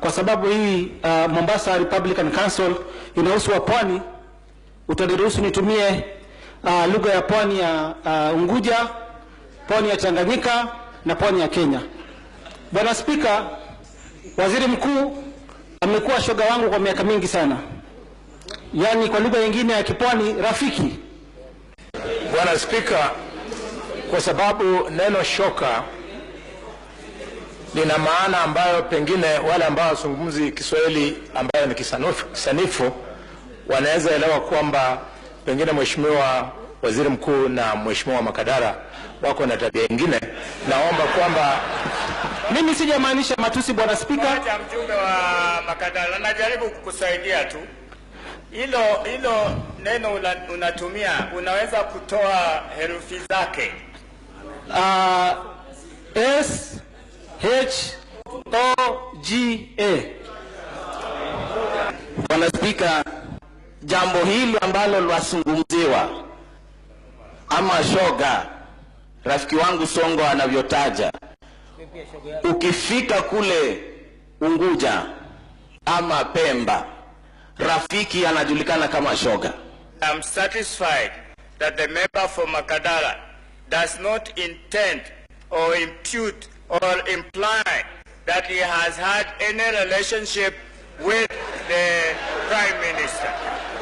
Kwa sababu hii uh, Mombasa Republican Council inahusu wa pwani, utaniruhusu nitumie uh, lugha ya pwani ya uh, Unguja, pwani ya Tanganyika na pwani ya Kenya. Bwana Spika, waziri mkuu amekuwa shoga wangu kwa miaka mingi sana, yaani kwa lugha nyingine ya kipwani rafiki. Bwana Spika, kwa sababu neno shoka lina maana ambayo pengine wale ambao wazungumzi Kiswahili ambayo ni kisanifu wanaweza elewa kwamba pengine Mheshimiwa Waziri Mkuu na Mheshimiwa Makadara wako na tabia nyingine. Naomba kwamba mimi sijamaanisha matusi, Bwana Spika. mjumbe wa Makadara, najaribu kukusaidia tu. Hilo hilo neno unatumia, unaweza kutoa herufi zake uh, S H O G A. Bwana Spika, jambo hili ambalo lwazungumziwa ama shoga, rafiki wangu Songo anavyotaja, ukifika kule Unguja ama Pemba, rafiki anajulikana kama shoga. I am satisfied that the member for Makadara does not intend or impute or imply that he has had any relationship with the Prime Minister.